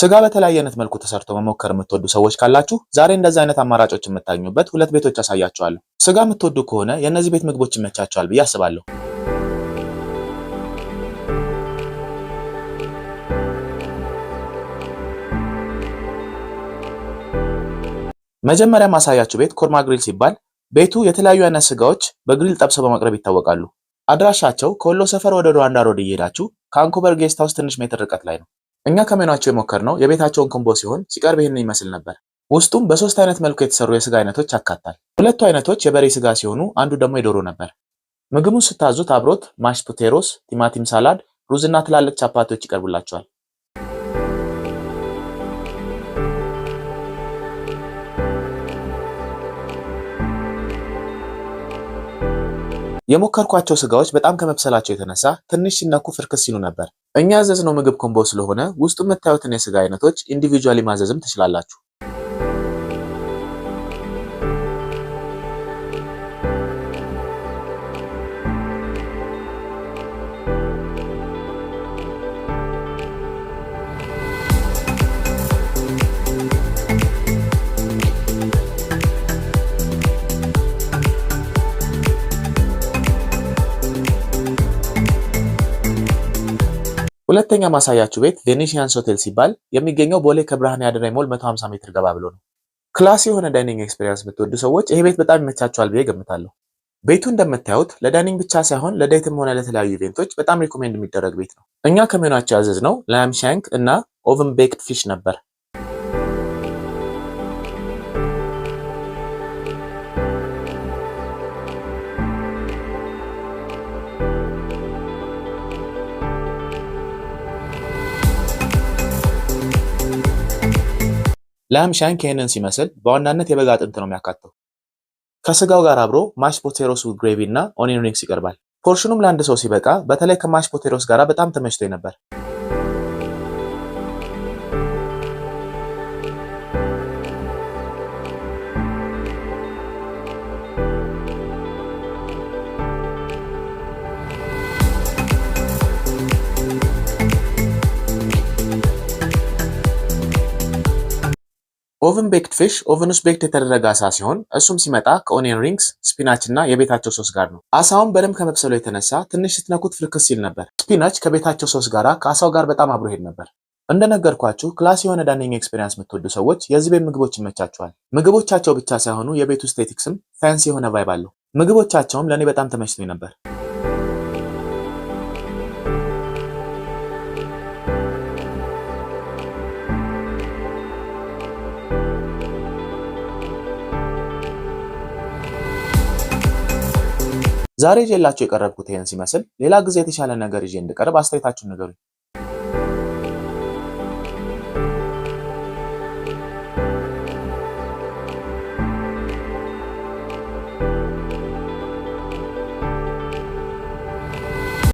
ስጋ በተለያየ አይነት መልኩ ተሰርቶ መሞከር የምትወዱ ሰዎች ካላችሁ ዛሬ እንደዚህ አይነት አማራጮች የምታገኙበት ሁለት ቤቶች ያሳያችኋለሁ። ስጋ የምትወዱ ከሆነ የእነዚህ ቤት ምግቦች ይመቻቸዋል ብዬ አስባለሁ። መጀመሪያ ማሳያችሁ ቤት ኮርማ ግሪል ሲባል ቤቱ የተለያዩ አይነት ስጋዎች በግሪል ጠብሰው በማቅረብ ይታወቃሉ። አድራሻቸው ከወሎ ሰፈር ወደ ሩዋንዳ ሮድ እየሄዳችሁ ከአንኮበር ጌስት ሃውስ ትንሽ ሜትር ርቀት ላይ ነው። እኛ የሞከር የሞከርነው የቤታቸውን ኮምቦ ሲሆን ሲቀርብ ይህንን ይመስል ነበር። ውስጡም በሶስት አይነት መልኩ የተሰሩ የስጋ አይነቶች ያካታል። ሁለቱ አይነቶች የበሬ ስጋ ሲሆኑ አንዱ ደግሞ የዶሮ ነበር። ምግቡን ስታዙት አብሮት ማሽ ፖቴሮስ፣ ቲማቲም ሳላድ፣ ሩዝና ትላልቅ ቻፓቲዎች ይቀርቡላቸዋል። የሞከርኳቸው ስጋዎች በጣም ከመብሰላቸው የተነሳ ትንሽ ሲነኩ ፍርክስ ሲሉ ነበር። እኛ ያዘዝነው ምግብ ኮምቦ ስለሆነ ውስጡ የምታዩትን የስጋ አይነቶች ኢንዲቪጁዋሊ ማዘዝም ትችላላችሁ። ሁለተኛ ማሳያችሁ ቤት ቬኔሽያንስ ሆቴል ሲባል የሚገኘው ቦሌ ከብርሃን ያደራ ሞል 150 ሜትር ገባ ብሎ ነው። ክላስ የሆነ ዳይኒንግ ኤክስፔሪየንስ የምትወዱ ሰዎች ይሄ ቤት በጣም ይመቻቸዋል ብዬ ገምታለሁ። ቤቱ እንደምታዩት ለዳይኒንግ ብቻ ሳይሆን ለዴትም ሆነ ለተለያዩ ኢቬንቶች በጣም ሪኮሜንድ የሚደረግ ቤት ነው። እኛ ከሜኗቸው ያዘዝ ነው ላም ሻንክ እና ኦቨን ቤክድ ፊሽ ነበር። ላም ሻንክ ይህንን ሲመስል በዋናነት የበግ አጥንት ነው የሚያካተው። ከስጋው ጋር አብሮ ማሽ ፖቴሮስ ግሬቪ እና ኦኒዮን ሪንግስ ይቀርባል። ፖርሽኑም ለአንድ ሰው ሲበቃ በተለይ ከማሽ ፖቴሮስ ጋር በጣም ተመችቶኝ ነበር። ኦቨን ቤክድ ፊሽ ኦቨን ውስጥ ቤክድ የተደረገ አሳ ሲሆን እሱም ሲመጣ ከኦኒየን ሪንግስ ስፒናች እና የቤታቸው ሶስ ጋር ነው። አሳውን በደንብ ከመብሰሉ የተነሳ ትንሽ ስትነኩት ፍርክስ ሲል ነበር። ስፒናች ከቤታቸው ሶስ ጋር ከአሳው ጋር በጣም አብሮ ሄድ ነበር። እንደነገርኳችሁ ክላስ የሆነ ዳይኒንግ ኤክስፔሪንስ የምትወዱ ሰዎች የዚህ ቤት ምግቦች ይመቻቸዋል። ምግቦቻቸው ብቻ ሳይሆኑ የቤቱ ስቴቲክስም ፋንሲ የሆነ ቫይብ አለው። ምግቦቻቸውም ለእኔ በጣም ተመችቶኝ ነበር። ዛሬ ይዤላችሁ የቀረብኩት ይህን ሲመስል፣ ሌላ ጊዜ የተሻለ ነገር ይዤ እንድቀርብ አስተያየታችሁን ንገሩኝ።